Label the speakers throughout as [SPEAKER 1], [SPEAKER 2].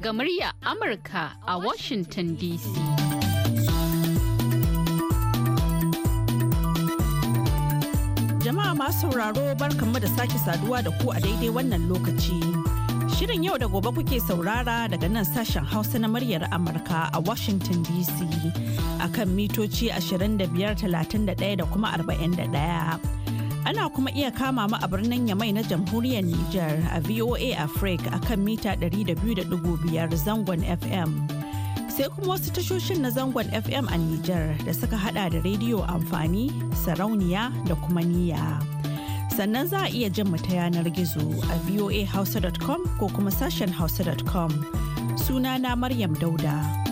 [SPEAKER 1] daga murya Amurka a Washington DC. Jama'a masu sauraro barkanmu da sake saduwa da ku a daidai wannan lokaci. Shirin yau da gobe kuke saurara daga nan sashen Hausa na muryar Amurka a Washington DC akan mitoci 25, 31 da kuma 41. Ana kuma iya kama mu a birnin Yamai na jamhuriyar Nijar a VOA Africa a kan mita 200.5 zangon FM. Sai kuma wasu tashoshin na zangon FM a Nijar da suka hada da rediyo amfani, sarauniya da kuma niyya. Sannan za a iya jin mu ta yanar gizo a voahausa.com ko kuma sashen hausa.com. Sunana Maryam Dauda.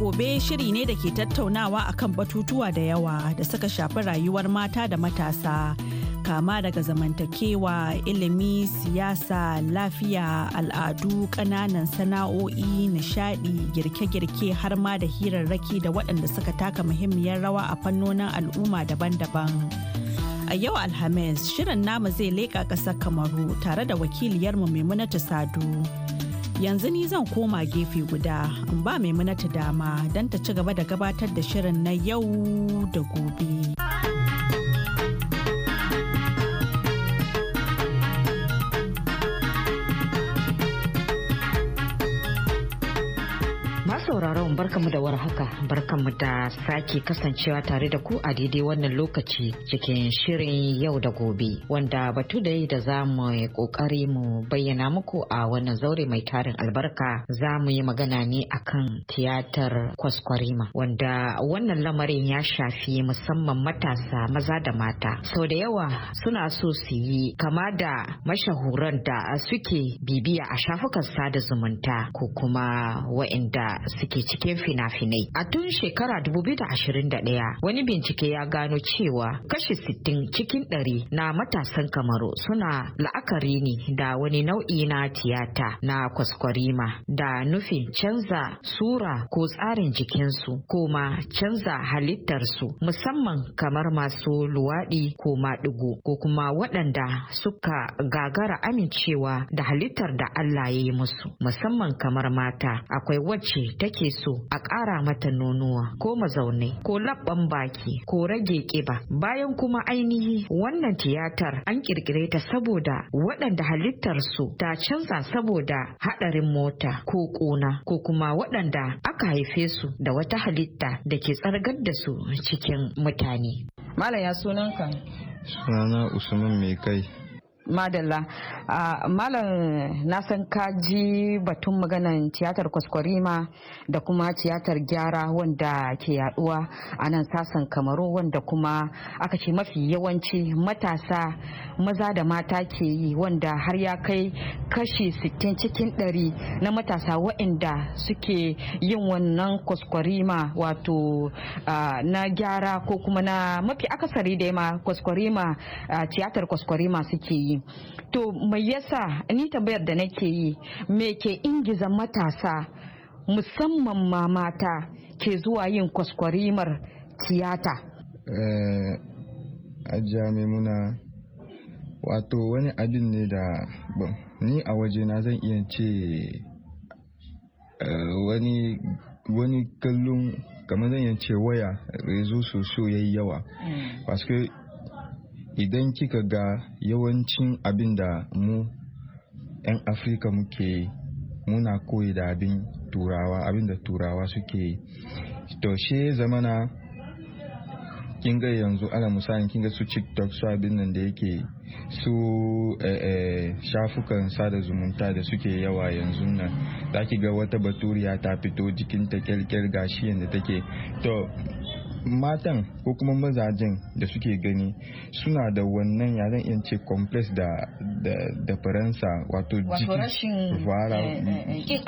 [SPEAKER 1] gobe shiri ne da ke tattaunawa a kan batutuwa da yawa da suka shafi rayuwar mata da matasa kama daga zamantakewa ilimi siyasa lafiya al'adu kananan sana'o'i nishadi girke-girke har ma da hirarraki da waɗanda suka taka muhimmiyar rawa a fannonin al'umma daban-daban a yau alhamis shirin namu zai leƙa ƙasar kamaru tare da wakiliyarmu maimunatu sadu yanzu ni zan koma gefe guda in ba maimunatu dama don ta ci gaba da gabatar da shirin na yau da gobe.
[SPEAKER 2] sauraron barkamu da warhaka barkamu da sake kasancewa tare da ku a daidai wannan lokaci cikin shirin yau da gobe wanda batu da yi da za mu yi kokari mu bayyana muku a wannan zaure mai tarin albarka za mu yi magana ne akan tiyatar kwaskwarima wanda wannan lamarin ya shafi musamman matasa maza da mata sau da yawa suna so su yi kama da mashahuran da suke bibiya a shafukan sada zumunta ko kuma wa'inda suke cikin fina-finai. A tun shekara ɗaya, wani bincike ya gano cewa kashi sittin cikin ɗari na matasan kamaru suna la'akari ne da wani nau'i na tiyata na kwaskwarima da nufin canza sura ko tsarin jikinsu ko ma canza halittarsu musamman kamar masu luwaɗi ko maɗigo ko kuma waɗanda suka gagara amincewa da halittar da Allah ya yi musu musamman kamar mata akwai wacce take so a ƙara mata nonuwa ko mazaune ko labban baki ko rage ƙiba bayan kuma ainihi wannan tiyatar an ƙirƙire ta saboda waɗanda halittarsu ta canza saboda haɗarin mota ko ƙuna ko kuma waɗanda aka haife su da wata halitta da ke tsargar da su cikin
[SPEAKER 3] mutane.
[SPEAKER 2] Malaya sunanka?
[SPEAKER 3] Sunana Usman Mai kai.
[SPEAKER 2] madalla ah, malam na san kaji batun maganan tiyatar kwaskwarima da kuma tiyatar gyara wanda ke yaduwa a nan sasan kamaru wanda kuma aka ce mafi yawanci matasa maza da mata ke yi wanda har ya kai kashi 60 cikin 100 na matasa waɗanda suke yin wannan kwaskwarima wato ah, na gyara ko kuma na mafi akasari da ma kwaskwarima ah, tiyatar kwaskwarima suke yi to mai yasa ni tambayar da nake yi me ke ingiza matasa musamman ma mata ke zuwa yin kwaskwarimar tiyata
[SPEAKER 3] eh, a muna wato wani abin ne da ni a waje na zan iya ce eh, wani wani kallon kamar zan iya ce waya rezo soso yayi yawa mm. idan kika ga yawancin abin da mu 'yan afirka muke muna koyi da abin turawa abin da turawa suke to she zamana kin ga yanzu ana musayin kin su tiktok su abin nan da yake su eh, eh, shafukan sada zumunta da suke yawa yanzu nan za ki ga wata baturiya ta fito jikinta kyalkyal gashi yadda take to matan ko kuma mazajen da suke gani suna da wannan ya zan iya complex da da faransa wato jiki rashin
[SPEAKER 2] eh, eh, eh,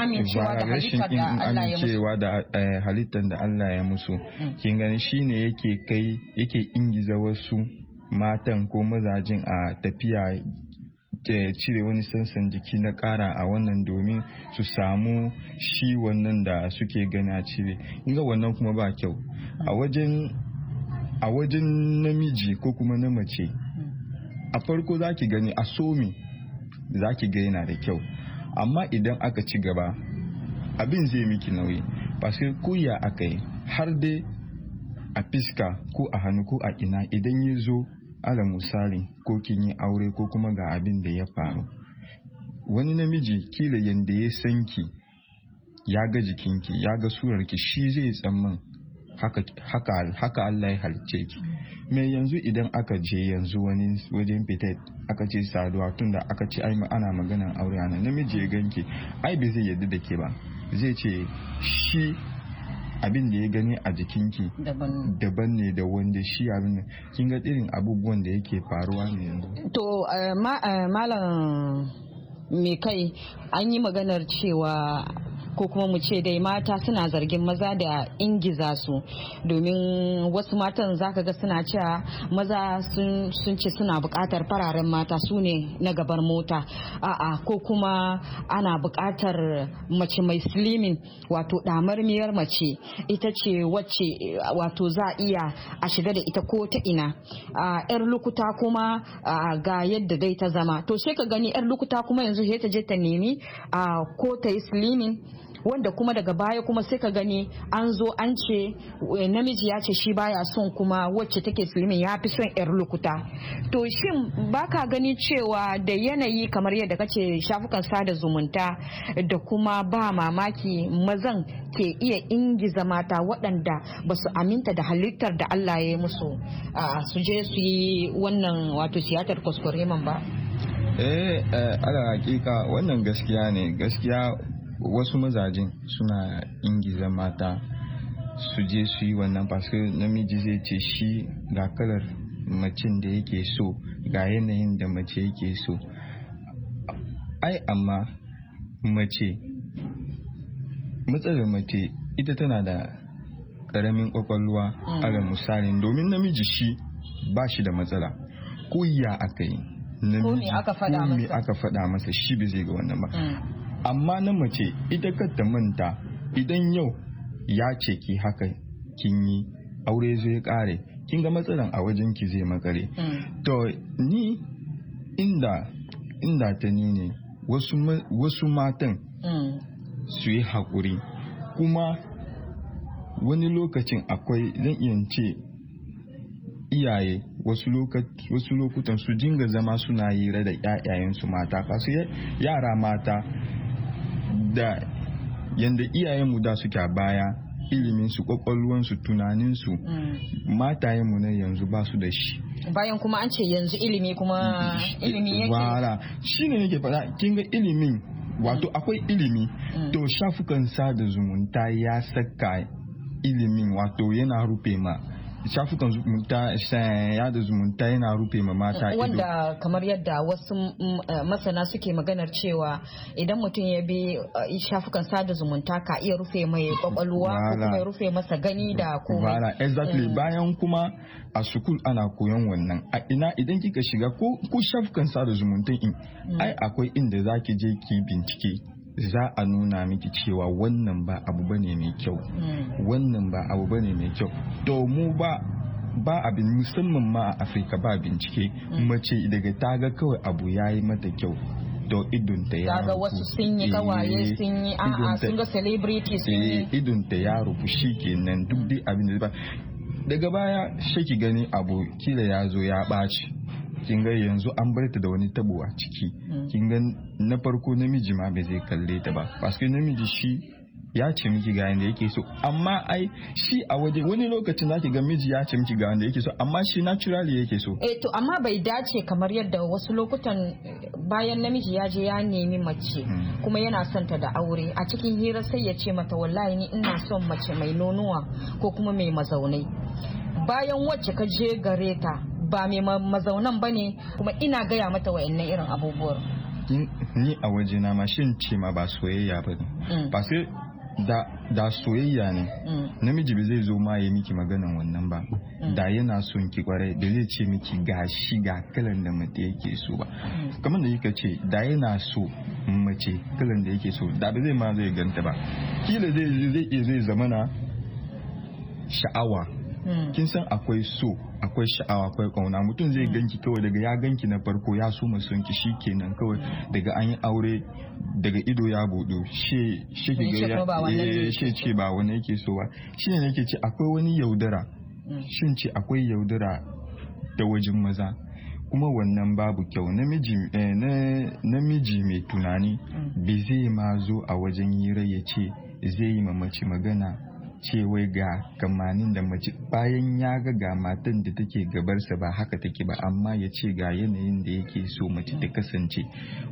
[SPEAKER 2] amincewa
[SPEAKER 3] da halittar da Allah ya musu mm. kin gani shine yake kai yake ingiza wasu matan ko mazajen a tafiya cire wani sansan jiki na kara a wannan domin su samu shi wannan da suke gani a cire inga wannan kuma ba kyau a wajen namiji ko kuma na mace a farko za ki gani a somi za ki ga yana da kyau amma idan aka ci gaba abin zai miki nauyi basir kuya aka yi har dai a fiska ko a hannu ko a ina idan ya zo ala misali ko kin yi aure ko kuma ga abin da ya faru wani namiji kila yanda ya sanki ya ga jikinki ya ga surarki shi zai tsamman haka Allah ya halicce ki mai yanzu idan aka je yanzu wani wajen fita aka ce saduwa tunda aka ce ai ana maganan aure ana namiji ya ganki ai bai zai yadda da ke ba zai ce shi abin da ya gani a jikinki daban ne da wanda shi abin kin ga irin abubuwan da yake faruwa ne yanzu
[SPEAKER 2] to eh, eh, malam mai kai an yi maganar cewa ko kuma mu ce dai mata suna zargin maza da ingiza su domin wasu matan zaka ga suna cewa maza sun ce suna bukatar fararen mata su ne na gabar mota a'a ko kuma ana bukatar mace mai slimin wato damarmiyar mace ita ce wacce wato za iya a shiga da ita ko ta ina a yar lukuta kuma ga yadda dai ta zama to sai ka gani yar lukuta kuma yanzu ta je ta nemi ko ta yi slimin wanda kuma daga baya kuma sai ka gani an zo an ce eh, namiji ya ce shi baya son kuma wacce take filimin ya fi son yar lukuta to shin baka gani cewa da yanayi kamar yadda kace shafukan sada zumunta da kuma ba mamaki mazan ke iya ingiza mata waɗanda ba su aminta da halittar da Allah ya yi musu su je su yi wannan wato siyatar kuskureman ba
[SPEAKER 3] eh, eh ala hakika wannan gaskiya ne gaskiya wasu mazajen suna ingiza mata su je su yi wannan paske namiji zai ce shi ga kalar macin da yake so ga yanayin da mace yake so ai amma mace matsalar mace ita tana da karamin kwakwalwa mm. Ala misalin domin namiji shi ba shi da matsala ko ya aka yi ko me aka faɗa masa shi bai zai ga wannan ba mm. amma na mace ita ta manta idan yau ya ce ki haka kin yi aure zai kare kin ga matsalan a wajen ki zai makare mm. to ni inda inda ta ni ne wasu matan mm. su yi hakuri kuma wani lokacin akwai zan iya ce iyaye wasu lokutan su jinga zama suna hira da 'ya'yayensu mata kasu yara mata da yadda iyayenmu da suke a baya iliminsu kwakwalwansu tunaninsu mm. matayenmu na yanzu ba su da shi
[SPEAKER 2] bayan kuma an ce yanzu ilimi kuma mm. ilimi
[SPEAKER 3] yake wara shi ne nake faɗa kin ga ilimin wato mm. akwai ilimi to shafukan sada zumunta ya saka ilimin wato yana rufe ma shafukan zumunta yada zumunta yana rufe ma mata wanda
[SPEAKER 2] kamar yadda wasu mm, eh, masana suke maganar cewa idan mutum ya bi eh, shafukan sada zumunta ka iya rufe mai kwakwalwa ko kuma rufe masa gani da komai exactly mm.
[SPEAKER 3] bayan kuma a sukul ana koyon wannan a ina idan kika shiga ko shafukan sada zumunta in mm. ai akwai inda zaki je ki bincike za a nuna miki cewa wannan ba abu bane mai kyau hmm. wannan ba abu bane mai kyau domin ba ba abin musamman ma a afirka ba bincike hmm. mace daga ta ga kawai abu ya yi mata kyau to idunta ya rufu kaga wasu sun yi kawaye sun yi a'a sun ga
[SPEAKER 2] celebrity sun yi
[SPEAKER 3] eh, idunta ya rufu shikenan duk dai hmm. abin da daga baya shaki gani abu kila ya zo ya ɓaci kin ga yanzu an bar ta da wani tabo a ciki hmm. kin ga na farko namiji ma bai zai kalle ta ba paske namiji shi ya ce miki ga yanda yake so amma ai shi a waje wani lokacin zaki ga miji ya ce miki ga yanda yake so amma shi naturally yake so
[SPEAKER 2] eh to amma bai dace kamar yadda wasu lokutan bayan namiji ya je ya nemi mace hmm. kuma yana son ta da aure a cikin hira sai ya ce mata wallahi ni ina son mace mai nonuwa ko kuma mai mazaunai bayan wacce ka je gare ta ba mai mazaunan ba ne kuma ina gaya mata wayannan irin
[SPEAKER 3] abubuwar. ni a waje na mashin ce ma ba soyayya ba ne mm. ba sai da soyayya ne mm. namiji ba zai zo ma ya miki maganin wannan ba mm. da yana son ki kwarai da zai ce miki gashi ga kalan da mace yake so ba kamar da yake ce da yana so mace kalan da yake so da ba zai ma zai ganta ba kila zai zai zai zamana sha'awa Hmm. kin san akwai so akwai sha'awa akwai kauna mutum zai hmm. ganki kawai daga ya ganki na farko ya so son ki kenan kawai daga an yi aure daga ido ya budu she she ki ga eh, ce ba wani yake so ba shine nake ce akwai wani yaudara hmm. shin ce akwai yaudara da wajen maza kuma wannan babu kyau namiji eh, mai tunani bai zai ma zo a wajen hira ya ce zai yi mamaci magana ce wai ga kamanin da mace bayan ya ga ga matan da take gabarsa ba haka take ba amma ya ce ga yanayin da yake so mace ta kasance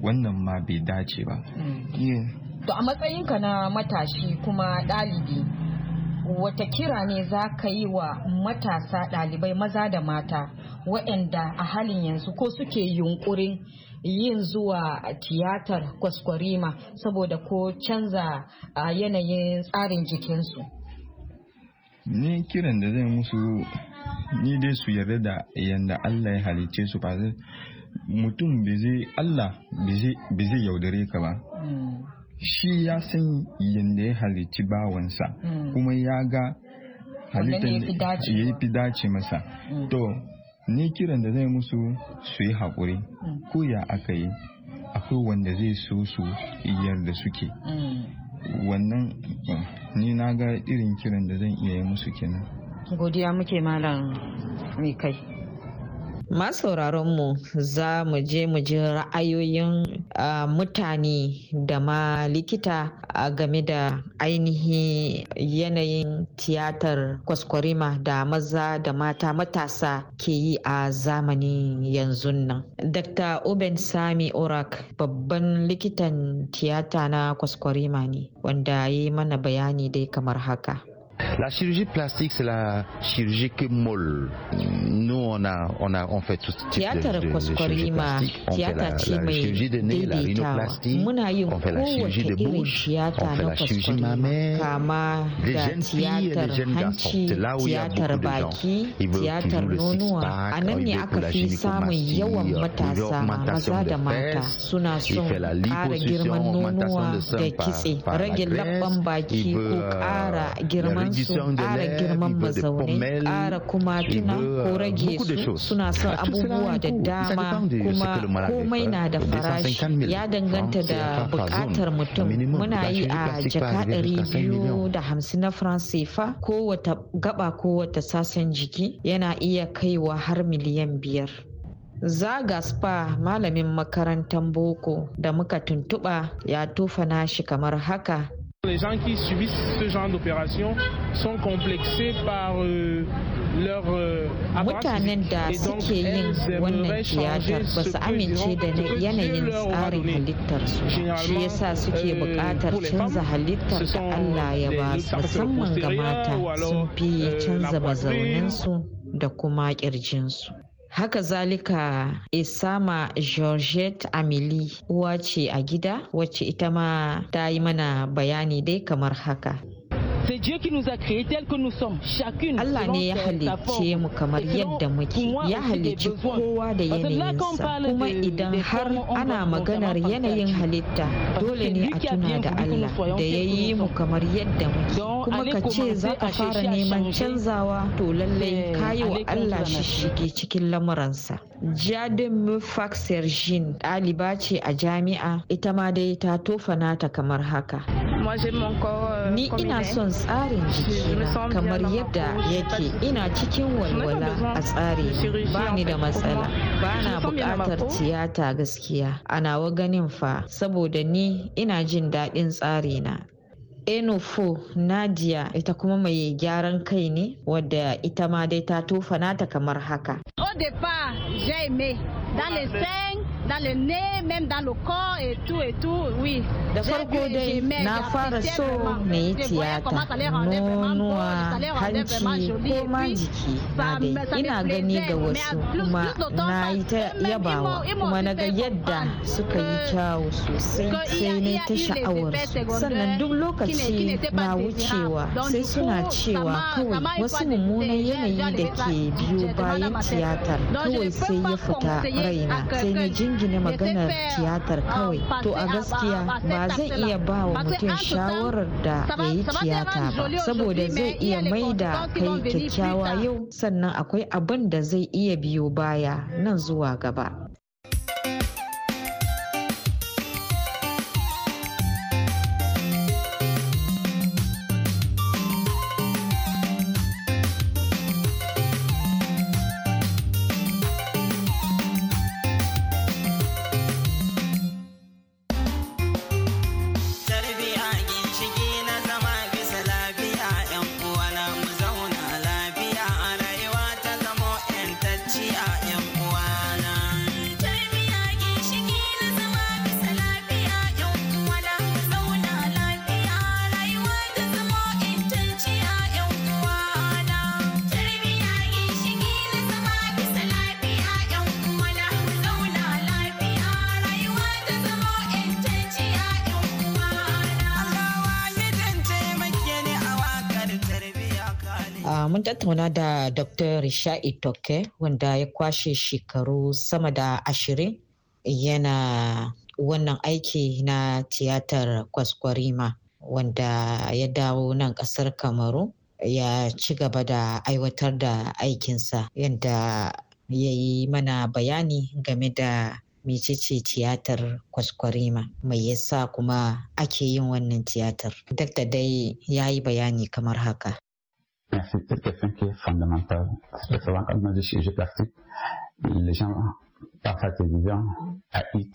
[SPEAKER 3] wannan ma bai dace ba. Hmm.
[SPEAKER 2] To a matsayinka na matashi kuma ɗalibi wata kira ne za ka yi wa matasa ɗalibai maza da mata waɗanda a halin yanzu ko suke yunkurin yin zuwa tiyatar kwaskwarima saboda ko canza a yanayin tsarin jikinsu.
[SPEAKER 3] ne kiran da zai musu ni dai su yarda da yanda Allah ya halice su ba mutum bai zai Allah bai zai yaudare ka ba hmm. shi ya san yanda ya halici bawansa hmm. kuma ya ga halittar ya fi dace masa hmm. to ne kiran da zai musu su yi haƙuri ko ya aka yi akwai wanda zai so su yarda suke wannan ni na ga irin kiran da zan iya yi musu kenan
[SPEAKER 2] godiya muke malam mai kai mu za mu je mu ji ra'ayoyin mutane da ma likita a game da ainihin yanayin tiyatar kwaskwarima da maza da mata matasa ke yi a zamanin yanzu nan. Dr. Uben Sami Orak babban likitan tiyata na kwaskwarima ne wanda ya yi mana bayani dai kamar haka.
[SPEAKER 3] La chirurgie plastique, c'est la chirurgie que molle. Nous, on, a, on, a, on fait tout type de, de, chirurgie plastique. On fait la, la chirurgie de nez, la rhinoplastie, on fait la chirurgie de bouche, on fait la chirurgie mammaire.
[SPEAKER 2] Des jeunes filles et des jeunes garçons. C'est là où il y a beaucoup de gens. Ils veulent toujours le six-pack, ah, ah, ils veulent pour la gynécomastie, ils veulent augmentation de fesses, ils veulent la augmentation de par, par la graisse, ils veulent la réduction ƙara girman mazaunai ƙara kuma tuna
[SPEAKER 4] ko rage su suna son abubuwa da dama kuma komai na da farashi ya danganta da buƙatar mutum muna yi a jaka ɗari
[SPEAKER 2] biyu da hamsin na faransefa ko wata gaba ko wata sasan jiki yana iya kaiwa har miliyan biyar Zaga spa malamin makarantar boko da muka tuntuɓa ya tofa nashi kamar haka
[SPEAKER 5] les gens qui subissent ce genre d'opération sont euh, euh, Mutanen da suke yin wannan tiyatar ba su amince da
[SPEAKER 2] yanayin tsarin halittarsu su shi yasa suke euh, buƙatar canza halittar da Allah ya ba musamman ga mata sun fi canza mazauninsu da kuma ƙirjinsu. haka zalika isama georgette amili uwa ce a gida wacce ita ma ta yi mana bayani dai kamar haka Allah ne ya halicce mu kamar yadda muke ya halicci kowa da yanayinsa kuma idan har ana maganar yanayin halitta dole ne a tuna da Allah da ya yi mu kamar yadda muke kuma ka ce za ka fara neman canzawa to lallai kayi wa Allah shishige cikin lamuransa. Jadin Mufak Sergin ɗaliba ce a jami'a ita ma dai ta tofa nata kamar haka. Euh, ni ina son tsarin jikina kamar yadda yake ina cikin walwala a tsari ba ni da matsala ba na buƙatar tiyata gaskiya a nawa ganin fa saboda ni ina jin daɗin tsarina enufo nadia ita kuma mai gyaran kai ne wadda ita ma dai ta tofa nata kamar haka.
[SPEAKER 1] dans le nez, même dans le corps et tout et tout, oui. Da farko dai na fara so na yi tiyata
[SPEAKER 2] nonuwa hanci ko ma jiki na dai ina gani ga wasu kuma na yi ta yabawa kuma na ga yadda suka yi kyawu sosai sai na ta sha'awar sannan duk lokaci na wucewa sai suna cewa kawai wasu mummunan yanayi da ke biyo bayan tiyatar kawai sai ya fita raina sai na jinjin ne maganar tiyatar ah, kawai to a gaskiya ba zai iya ba wa mutum shawarar da ya yi tiyata ba saboda zai iya maida kai kyakkyawa yau sannan akwai abin da zai iya biyo baya nan zuwa gaba mun tattauna da Dr. Risha'i Toke wanda ya kwashe shekaru sama da ashirin yana wannan aiki na tiyatar kwaskwarima wanda ya dawo nan kasar Kamaru ya ci gaba da aiwatar da aikinsa yadda ya yi mana bayani game da mecece tiyatar kwaskwarima mai yasa kuma ake yin wannan tiyatar. Dakta dai ya yi bayani kamar haka.
[SPEAKER 3] Mais c'est peut-être quelqu'un qui est fondamental. Parce que souvent, quand on dit chirurgie plastique, les gens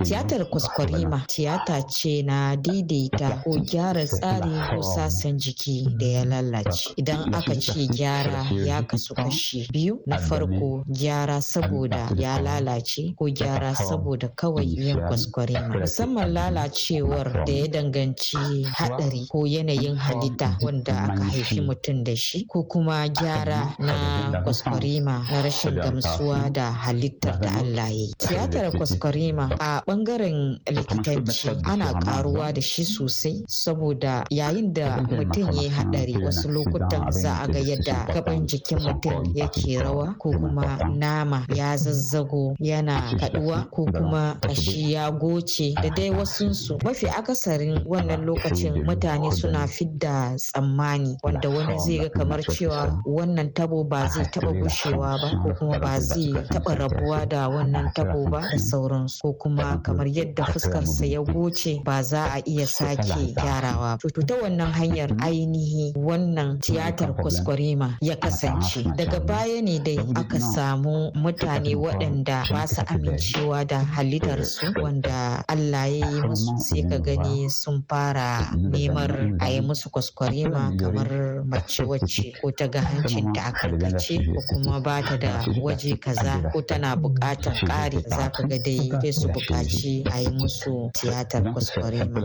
[SPEAKER 3] Tiyatar
[SPEAKER 2] kwaskwarima tiyata ce na daidaita ko gyara tsari ko sassan jiki da ya lalace. Idan aka ce gyara ya kasu kashi biyu na farko gyara saboda ya lalace ko gyara saboda kawai yin kwaskwarima. Musamman lalacewar da ya danganci hadari ko yanayin halitta wanda aka haifi mutum da shi ko kuma gyara na kwaskwarima na rashin gamsuwa da halittar da Allah ya yi. tiyatar kwaskwarima a bangaren likitanci ana karuwa da shi sosai saboda yayin da mutum ya haɗari wasu lokutan za a ga yadda gaban jikin mutum yake rawa ko kuma nama ya zazzago yana kaduwa ko kuma kashi ya goce da dai wasunsu mafi akasarin wannan lokacin mutane suna fidda tsammani wanda wani zai ga kamar cewa wannan tabo ba zai taba gushewa ba ko kuma ba zai taba rabuwa da wannan tabo taho ba da sauransu ko kuma kamar yadda fuskarsa ya goce ba za a iya sake gyarawa to ta wannan hanyar mm-hmm. ainihi wannan tiyatar kwaskwarima ya kasance daga baya ne dai aka samu mutane waɗanda ba su amincewa da halittarsu wanda Allah ya yi musu sai ka gani sun fara neman a yi musu kwaskwarima kamar mace wacce ko ta ga hancin ta a karkace ko kuma ba ta da waje kaza ko tana mm. buƙatar ƙari Zaka za ka ga dai sai su buƙaci a yi musu tiyatar ma.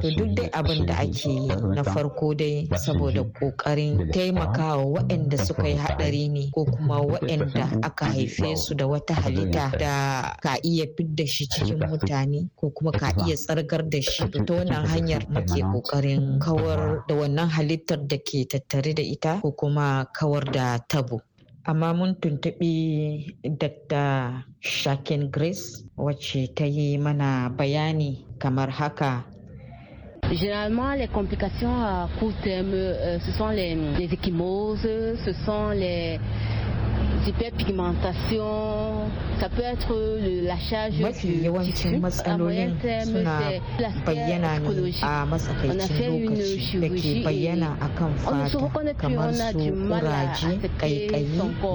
[SPEAKER 2] to duk dai abin da ake yi na farko dai saboda ƙoƙarin taimakawa waɗanda suka yi haɗari ne ko kuma waɗanda aka haife su da wata halitta da ka iya fidda shi cikin mutane ko kuma ka iya tsargar da shi ta wannan hanyar muke ƙoƙarin kawar da wannan halittar da ke tattare da ita ko kuma kawar da tabo Généralement, les complications à court terme, euh, ce sont les, les ce sont les hyperpigmentations, Ça peut être yawancin matsalolin suna bayyana ne a matsakaicin lokaci da ke bayyana a kan fata kamar su kuraje, ƙaiƙayi,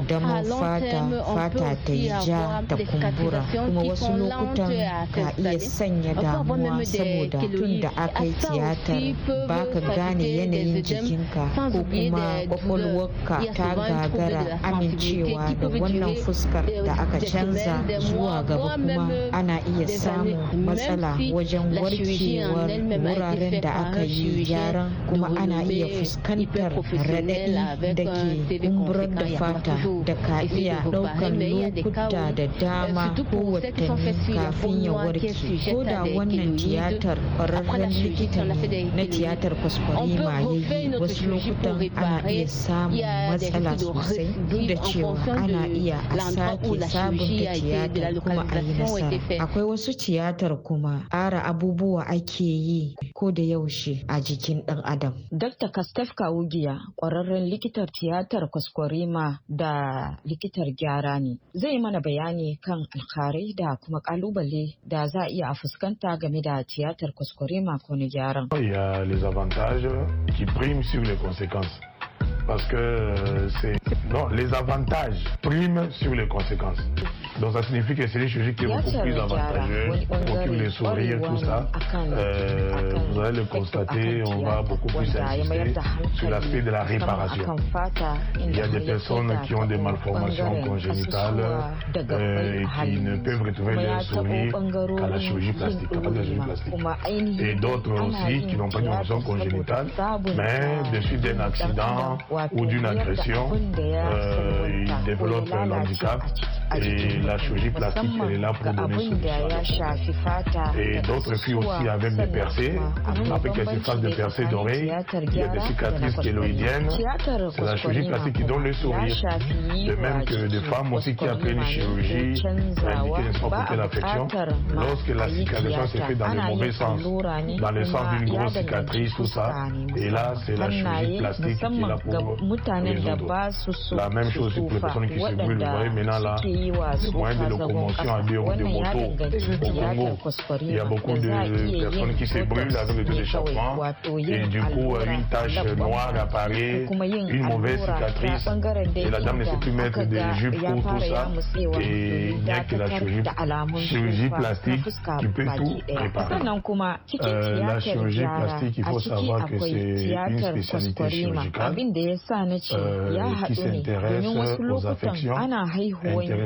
[SPEAKER 2] damar fata, fata ta yi ja kumbura. Kuma wasu lokutan ka iya sanya damuwa saboda tun da aka yi tiyatar ba ka gane yanayin jikinka ko kuma kwakwalwarka ta gagara amincewa da wannan fuskar da aka canza zuwa gaba kuma ana iya samun matsala wajen warkewar wuraren da aka yi gyaran kuma ana iya fuskantar raɗaɗi da ke kumburar da fata da ka iya ɗaukar lokuta da dama ko watanni kafin ya warke ko da wannan tiyatar ƙwararren likita na tiyatar kwaskwari ma yi wasu lokutan ana iya samun matsala sosai duk da cewa ana iya a sake tiyatar kuma yi akwai wasu tiyatar kuma ƙara abubuwa ake yi ko da yaushe a jikin ɗan adam dr kastef kawugiya ƙwararren likitar tiyatar kwaskwarima da likitar gyara ne zai mana bayani kan alkarai da kuma ƙalubale da za a iya fuskanta game da tiyatar kwaskwarima ko na gyaran.
[SPEAKER 5] Il les avantages qui priment sur les conséquences. parce que euh, c'est non, les avantages priment sur les conséquences. Donc ça signifie que c'est les chirurgie qui est beaucoup plus avantageuse, pour les sourires, tout ça. Euh, vous allez le constater, on va beaucoup plus insister sur l'aspect de la réparation. Il y a des personnes qui ont des malformations congénitales euh, et qui ne peuvent retrouver leur sourire qu'à la chirurgie plastique, Et d'autres aussi qui n'ont pas de malformation congénitale, mais de suite d'un accident ou d'une agression, euh, ils développent un handicap. Et la chirurgie plastique, elle est là pour donner
[SPEAKER 2] sourire Et d'autres filles aussi avec des percées, avec des faces de percées d'oreilles, il y a des cicatrices
[SPEAKER 5] kéloïdiennes. C'est la chirurgie plastique qui donne le sourire. De même que des femmes aussi qui fait une chirurgie indiquée une pas pour l'affection lorsque la cicatrice s'est faite dans le mauvais sens, dans le sens d'une grosse cicatrice, tout ça, et là, c'est la chirurgie plastique qui est là pour
[SPEAKER 4] La même chose pour les personnes qui se brûlent, vous voyez maintenant là, à de moto Il y a beaucoup
[SPEAKER 5] de personnes qui se brûlent avec le taux d'échappement et du coup une tache noire apparaît, une mauvaise cicatrice
[SPEAKER 2] et la dame ne sait plus mettre des jupes pour tout ça et il que la chirurgie, plastique tu peux tout eh, réparer. Euh, la chirurgie plastique, il faut savoir que c'est une spécialité chirurgicale euh, qui s'intéresse aux affections,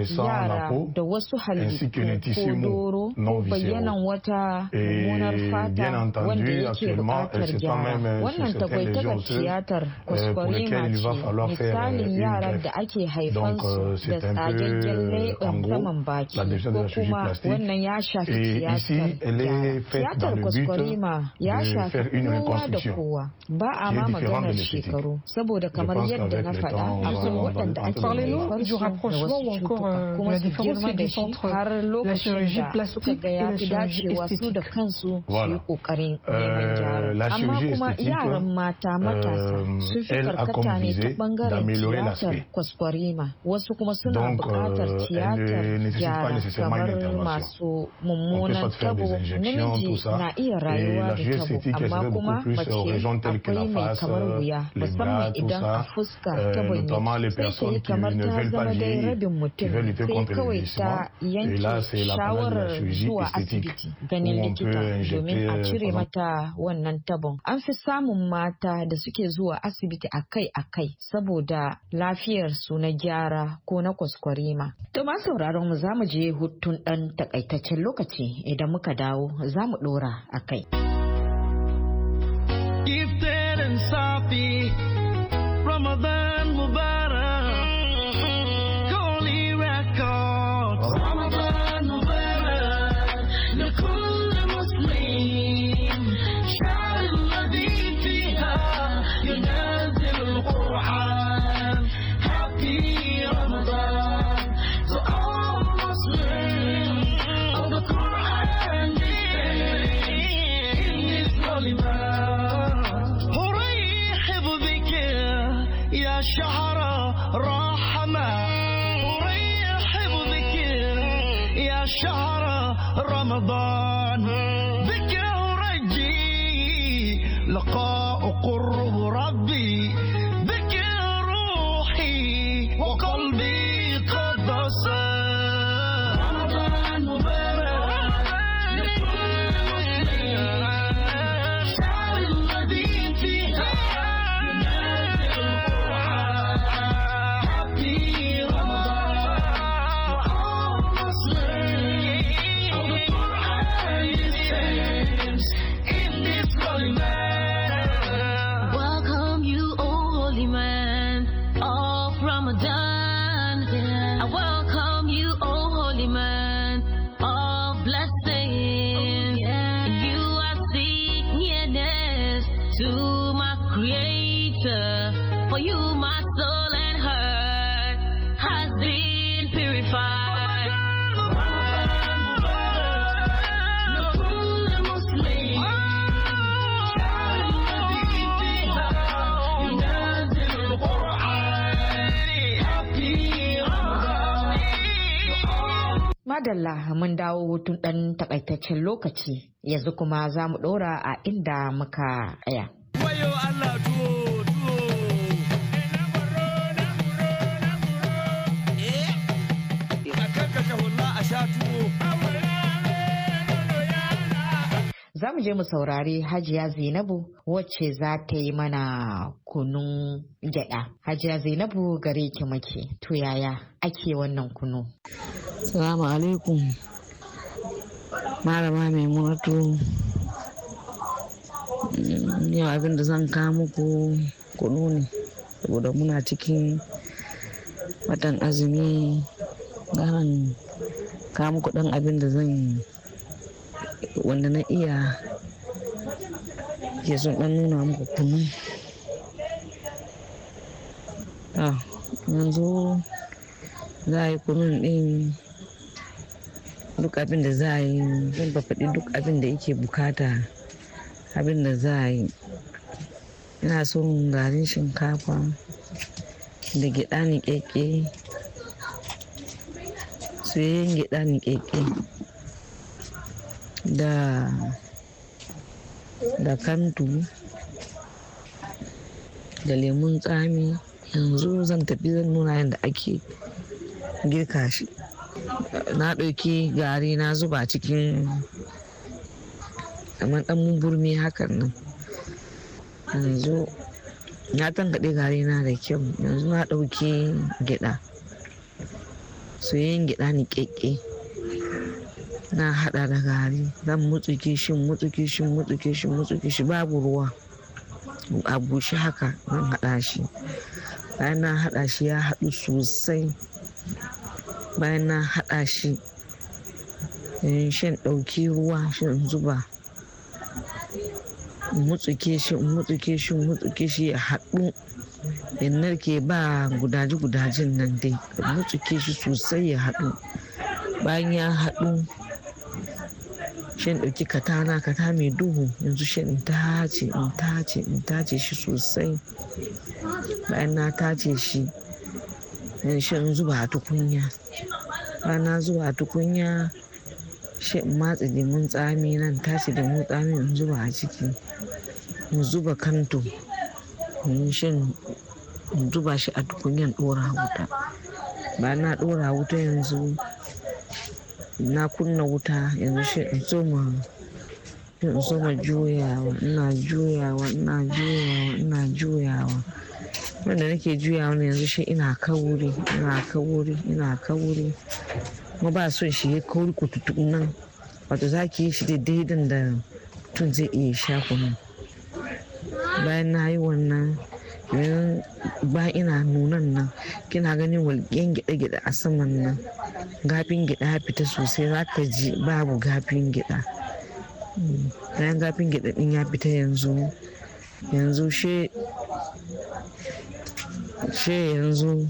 [SPEAKER 2] yara da wasu halittu ko doro ko bayyanan wata
[SPEAKER 5] mummunar fata wanda yake bukatar gyara wannan tagwaitagar tiyatar kwaskwarima ce misalin yaran da
[SPEAKER 2] ake haifansu
[SPEAKER 5] euh, da tsagaggen leɓen saman baki ko kuma wannan
[SPEAKER 2] ya shafi tiyatar tiyatar kwaskwarima ya shafi kowa da kowa ba a ma maganar
[SPEAKER 5] shekaru
[SPEAKER 2] saboda kamar yadda na faɗa akwai waɗanda ake haifansu da wasu euh, de la différence, entre la chirurgie plastique et la chirurgie esthétique. Voilà. Euh, la chirurgie esthétique, euh, elle a comme visée d'améliorer l'aspect. Donc, elle ne nécessite pas nécessairement une intervention. On peut soit faire des injections, tout ça. Et la chirurgie esthétique, elle se fait beaucoup plus euh, aux régions telles que la face, euh, les bras, tout ça. Euh, notamment les personnes qui ne veulent pas vieillir, peut lutter contre le vieillissement. Et là,
[SPEAKER 5] Ganin likita domin a cire
[SPEAKER 2] mata wannan tabon. An fi samun mata da suke zuwa asibiti akai-akai saboda lafiyar su na gyara ko na kwaskwarima. To ma sauraron mu za mu je hutun ɗan takaitaccen lokaci idan muka dawo za mu ɗora akai.
[SPEAKER 3] Gifted and Ramadan Mubarak.
[SPEAKER 2] madalla mun dawo hutun ɗan takaitaccen lokaci yanzu kuma za mu ɗora a inda muka tsaya. Eh, za mu je mu saurari Hajiya Zainabu wacce za ta yi mana kunun gyada. Hajiya Zainabu gare ki muke to ake wannan kunu. Salamu alaikum. Malama mai mato
[SPEAKER 4] mm, Yau abin da zan kawo muku kunu ne. Saboda muna cikin watan azumi garan kawo muku ɗan abin da zan wanda na iya ke sun ɗan nuna muku kunu. yanzu za a yi kunun ɗin duk abin da za a yi zan ba faɗi duk abin da yake bukata abin da za a yi ina so garin shinkafa da gyaɗa keke, soyayyen gyaɗa keke, da da kantu da lemun tsami yanzu zan tafi zan nuna yadda ake girka shi na ɗauki gari na zuba cikin kamar ɗan burmi hakan nan yanzu na tankaɗe gari na da kyau yanzu na ɗauki gyaɗa soyayyen gyaɗa ni ƙeƙe na haɗa da gari zan mutsuke shi mutsuke shi mutsuke shi mutsuke shi babu ruwa a bushe haka zan haɗa shi bayan na haɗa shi ya haɗu sosai bayan na haɗa shi eh, shan ɗauki ruwa shan zuba in mutsuke shi in mutsuke shi in mutsuke shi ya haɗu ya narke ba gudaje gudajin nan dai in mutsuke shi sosai ya haɗu bayan ya haɗu shan ɗauki katana kata mai duhu yanzu shan in tace in tace in tace shi sosai bayan na tace shi shin zuba tukunya rana zuba tukunya shi in matse lemun tsami nan tashi lemun tsami in zuba a ciki mu zuba kanto shin in zuba shi a tukunyan dora wuta ba na dora wuta yanzu na kunna wuta yanzu shi in soma in soma juyawa ina juyawa ina juyawa ina juyawa wanda nake juya wani yanzu shi ina kawuri ina kawuri ina kawuri ma ba son shi ya kauri kututu nan wato za ki yi shi da daidan da tun zai iya sha nan bayan na yi wannan yanzu ba ina nunan nan kina ganin walƙiyan gida-gida a saman nan gafin gida fita sosai za ka ji babu gafin gida bayan gafin gida din ya fita yanzu yanzu shi. she yanzu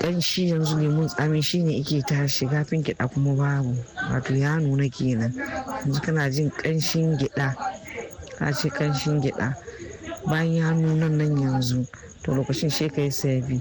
[SPEAKER 4] ƙanshi yanzu lemun tsami shi ne ike ta shiga fin gyaɗa kuma babu wato ya nuna kenan yanzu kana jin ƙanshin gyaɗa ka ce ƙanshin gyaɗa bayan ya nuna nan yanzu to lokacin shi ka yi sabi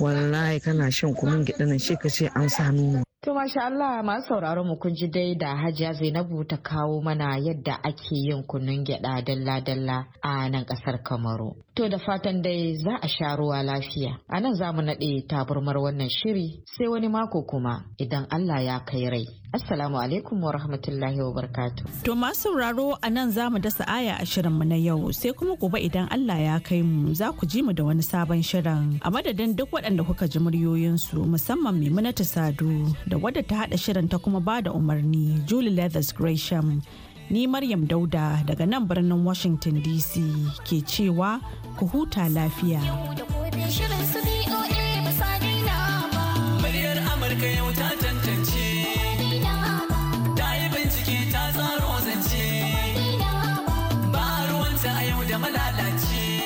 [SPEAKER 4] wallahi kana shan kumin gyaɗa nan shi ka ce an sa nuna
[SPEAKER 2] To masha Allah masu sauraron mu kun ji dai da Hajiya Zainabu ta kawo mana yadda ake yin kunun gyaɗa dalla dalla a nan kasar Kamaru. To da fatan dai za a sha ruwa lafiya. A nan za mu naɗe taburmar wannan shiri sai wani mako kuma idan Allah ya kai rai. Assalamu alaikum wa rahmatullahi wa barkatu. To masu sauraro a nan za mu dasa aya a shirin mu na yau sai kuma gobe idan Allah
[SPEAKER 1] ya kai mu za ku ji mu da wani sabon shirin. A madadin duk waɗanda kuka ji muryoyinsu musamman Maimunatu Sadu da wadda ta haɗa shirin ta kuma ba da umarni Julie Leathers Gresham. Ni Maryam Dauda daga nan birnin Washington DC ke cewa ku huta lafiya.